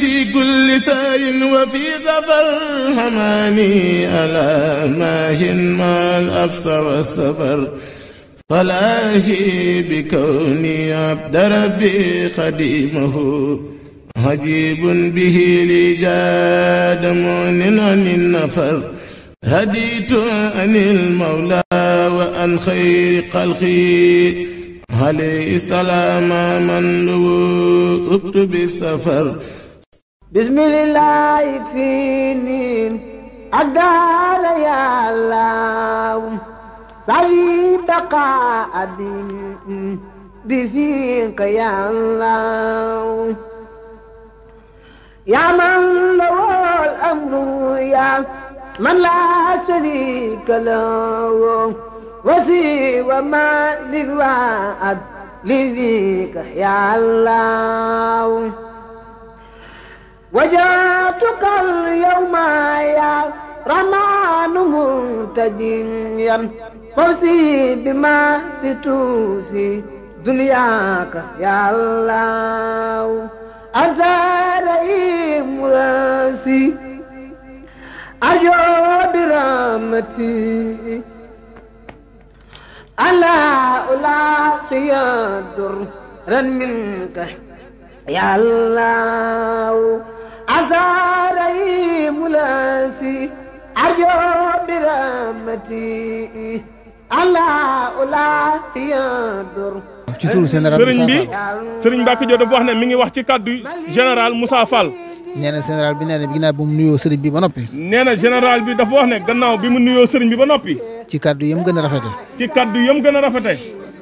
في كل سار وفي ظفر حماني ألا ماهن ما الأبصر والسفر فلاهي بكوني عبد ربي خديمه عجيب به لي جاد مؤمن عن النفر هديت عن المولى وعن خير خلقي عليه السلام من له ربط بالسفر بسم الله يكفيني أدار يا الله صلي بقاء أبي بفيك يا الله يا من له الأمر يا من لا شريك له وفي وما للوعد لذيك يا الله وجاتك اليوم يا رمان منتجيا فوزي بما ستوفي دنياك يا الله أنت رئيم راسي أجو برحمتي ألا ألاقي درا منك يا الله أزاري ملاسي أرجو برحمتي ألا ألاقي درا ci turu général Moussa Fall sëriñ bi sëriñ Mbacke Diop dafa wax ne mi ngi wax ci kàddu général Moussa Fall. nee na général bi nee bi mu nuyoo sëriñ bi ba noppi. nee na général bi dafa wax ne gannaaw bi mu nuyoo sëriñ bi ba noppi. ci kaddu yam gën a rafete ci kaddu yam gën a rafete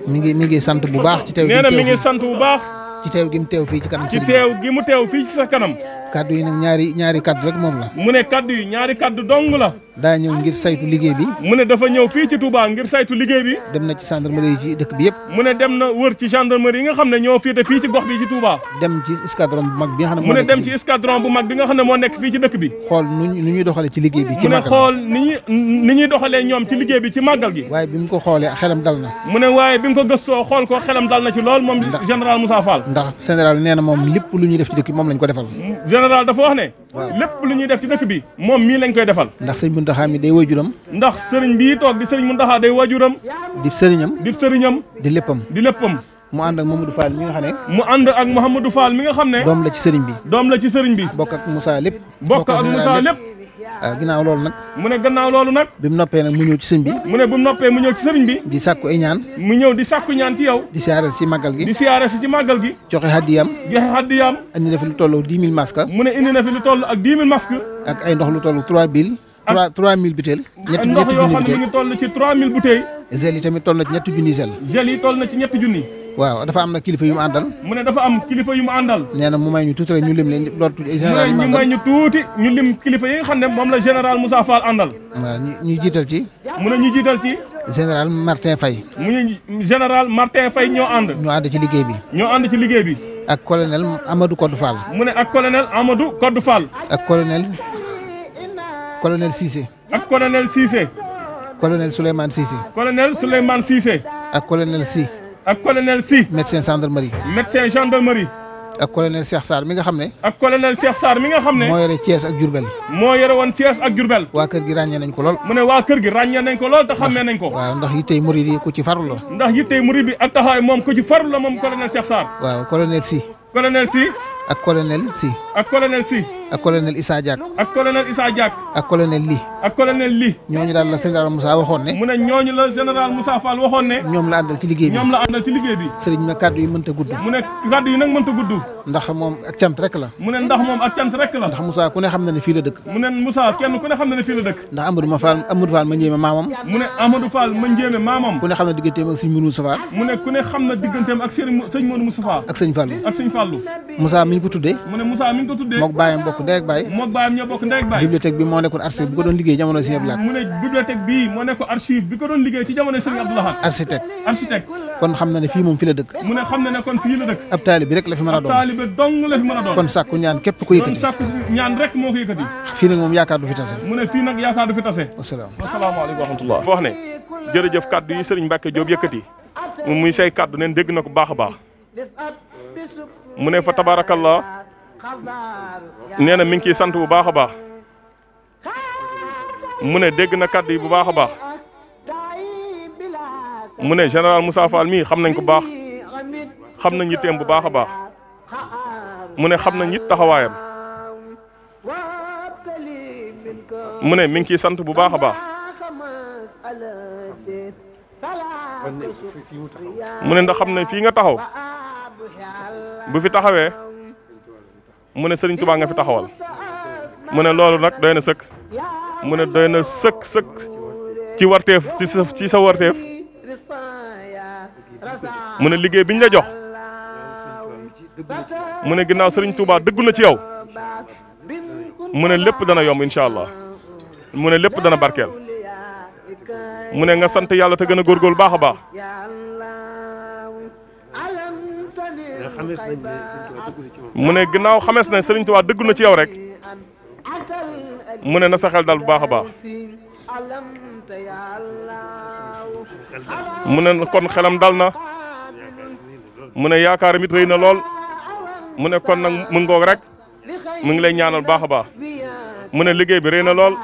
mi ngi mi ngi sant bu baax. ci teew gi nee na mi sant bu baax. ci teew gi mu teew fii ci kanam. ci teew gi mu teew fii ci sa kanam. kaddu yi nag ñaari ñaari kaddu rek moom la. mu ne kaddu yi ñaari kaddu dong la. daa ñëw ngir saytu liggéey bi. mu ne dafa ñëw fii ci Touba ngir saytu liggéey bi. dem na ci gendarmerie yi ci dëkk bi yëpp. mu ne dem na wër ci gendarmerie yi nga xam ne ñoo féete fii ci gox bi ci Touba. dem ci escadron bu mag bi nga xam ne moo nekk mu ne bu mag bi nga xam ne moo nekk fii ci dëkk bi. xool nu ñuy doxalee ci liggéey bi. ci màggal gi ñuy ni ñuy doxalee ñoom ci bi ci màggal gi. waaye bi mu ko xoolee xelam dal na. mu ne waaye bi mu ko gëstoo xool ko xelam dal na ci lool moom général Moussa Fall. ndax général nee na moom lépp lu ñuy def ci dëkk bi moom lañ ko defal général dafa wax ne lépp lu ñuy def ci dëkk bi moom mii lañ koy defal ndax sëriñ Muntaxa mi day waajuram ndax sëriñ bii toog di sëriñ Muntaxa day waajuram di sëriñam di sëriñam di léppam di léppam mu ànd ak Mamadou Fall mi nga xam ne mu ànd ak Mouhamadou Fall mi nga xam ne doom la ci sëriñ bi doom la ci sëriñ bi bokk ak Moussa lépp bokk ak Moussa lépp waaw euh, ginnaaw loolu nag mu ne gannaaw loolu nag bi mu noppee nag mu ñëw ci sëñ bi mu ne bu mu noppee mu ñëw ci sëriñ bi di sàkku ay ñaan mu ñëw di sàkku ñaan ci yow di siyaare si màggal gi di siyaare si ci maggal gi joxe haddiyam joxe haddiyam indi na fi lu toll dix mille masques mu ne indi na fi lu toll ak dix mille masques ak ay ndox lu toll trois mille trois trois mille butéel ñetti ñetti junni butéel ndox yoo na ci ñetti junni na ci ñetti junni waaw dafa am na kilifa yu mu àndal mu ne dafa am kilifa yu àndal nee na mu may ñu tuuti rek ñu lim leen loolu tuuti général ñu may ñu tuuti ñu lim kilifa yi nga xam ne la général Moussa Fall àndal waaw ñu jiital ci mu ne ñu jiital ci général Martin Faye mu ne général Martin Faye ñoo ànd ñoo ànd ci liggéey bi ñoo ànd ci liggéey bi ak colonel Amadou Codou Fall mu ne ak colonel Amadou Codou Fall ak colonel colonel Cissé ak colonel Cissé colonel Souleymane Cissé colonel Souleymane Cissé ak colonel Sy ak colonel Sy. médecin gendarmerie. médecin gendarmerie. ak colonel Cheikh Sarr mi nga xam ne. ak colonel Cheikh Sarr mi nga xam ne. moo yore Thiès ak Diourbel. moo yore woon Thiès ak Diourbel. waa kër gi ràññee nañ ko lool. mu ne waa kër gi ràññee nañ ko lool te xamee ko. waaw ndax yittey murid yi ku ci farlu la. ndax yittey murid bi ak taxawaay moom ku ci farlu la moom colonel Cheikh Sarr. waaw colonel Sy. colonel Sy. ak colonel si. ak colonel si. ak colonel Issa Diak. ak colonel Issa Li. ñooñu daal la général Moussa waxoon ne. mu ne ñooñu la général Moussa Fall waxoon ne. ñoom la àndal ci liggéey bi la àndal ci liggéey bi. sëriñ ma kàddu yi mënta gudd. mu ne kàddu yi nag mënta gudd. ndax moom ak cant rek la. mu ne ndax moom ak cant rek la. ndax Moussa ku ne xam na ne fii la dëkk. mu ne Moussa kenn ku ne xam na ne fii dëkk. ndax Amadou ma Fall Amadou Fall ma njéeme mu ne Amadou Fall ma njéeme maamam. ku ne xam ne ku ñu ko tuddee mu ne Moussa ko tuddee mook bàyyam bokk ndey baay mook bàyyam ñoo bokk ndey baay bibliothèque bi moo nekkoon archive bi ko doon liggéey jamono Sëñ Abdou Lahad mu bi moo nekkoon archive bi ko doon liggéey ci kon xam na ne fii moom fi la dëkk ab taalibe rek la fi mën a doon ab taalibe dong la fi a doon kon mu ne fa tabaarakallaa nee na mi ngi ciy sant bu baax a baax mu ne dégg na kàddi bu baax a baax mu ne général Moussa Fall mii xam nañ ko baax xam nañ yitteem bu baax a baax mu ne xam nañ it taxawaayam mu ne mi ngi ciy sant bu baax a baax mu ne ndax xam ne fii nga taxaw bu fi taxawee mu ne sëriñ Touba nga fi taxawal mu ne loolu nag doy na sëkk mu ne doy na sëkk sëkk ci warteef ci sa sa warteef mu ne liggéey biñ ñu la jox mu ne ginnaaw Serigne Touba dëggu na ci yow mu ne lépp dana yomb incha allah mu ne lépp dana barkeel mu ne nga sant yàlla te gën a góorgóorlu baax a baax. mu ne ginnaaw xamees nañ Sëriñ Tuubaa dëggu na ci yow rek mu ne na sa xel dal bu baax a baax mun ne kon xelam dal na mu ne yaakaar it rëy na lool mu ne kon nag mu ngoog rek mu ngi lay ñaanal baax a baax mu ne liggéey bi rëy na lool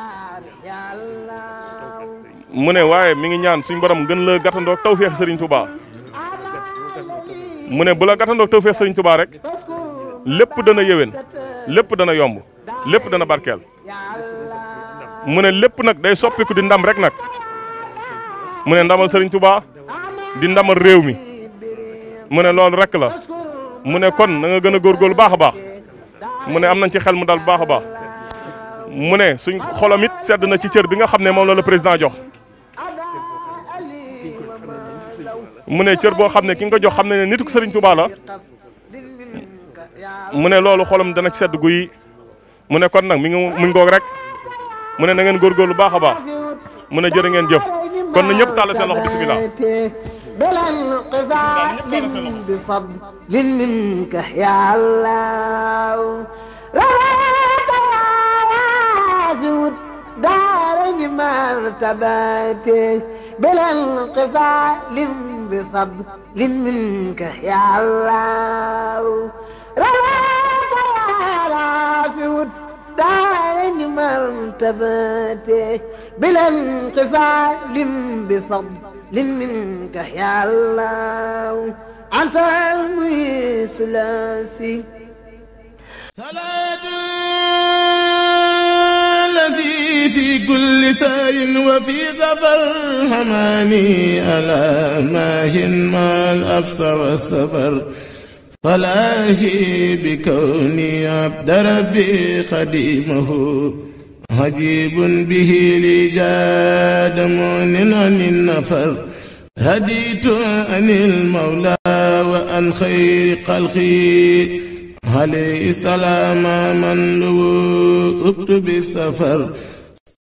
mu ne waaye mi ngi ñaan suñu borom gën la gàttandoog tawféex Sëriñ Tuubaa mu ne bu la gàttandoo tawfeex sëriñ Tuubaa rek lépp dana yëwén lépp dana yomb lépp dana barkeel mu ne lépp nag day soppiku di ndam rek nag mu ne ndamal sëriñ Tuubaa di ndamal réew mi mu ne loolu rek la mu ne kon na nga gën a góorgóorlu baax a baax mu ne am nañ ci xel mu dal bu baax a baax mu ne suñ xolam it sedd na ci cër bi nga xam ne moom la la président jox mu ne cër boo xam ne ki nga ko jox xam ne ne nit ku sëriñ Tuubaa la mu ne loolu xolam dana ci sedd guy mu ne kon nag mi ngi mi ngi rek mu ne na ngeen góorgóorlu baax a baax mu ne jërë ngeen jëf kon na ñëpp tàll seen loxo bisimilah. بلا انقطاع بفضل منك بفضل منك يا الله رواك يا رافع الدارين مرتبته بلا انقفال بفضل منك يا الله أنت المي ثلاثي kulli sayr wa fi safar xamaani ala maahin maal absar safar falaahi bi kawni abda rabbi xadimahu ajibun bihi li jaada moonin anin nafar raditu anil mawla wa an xayri xalqi alayhi salaama man luwu ubtu bi safar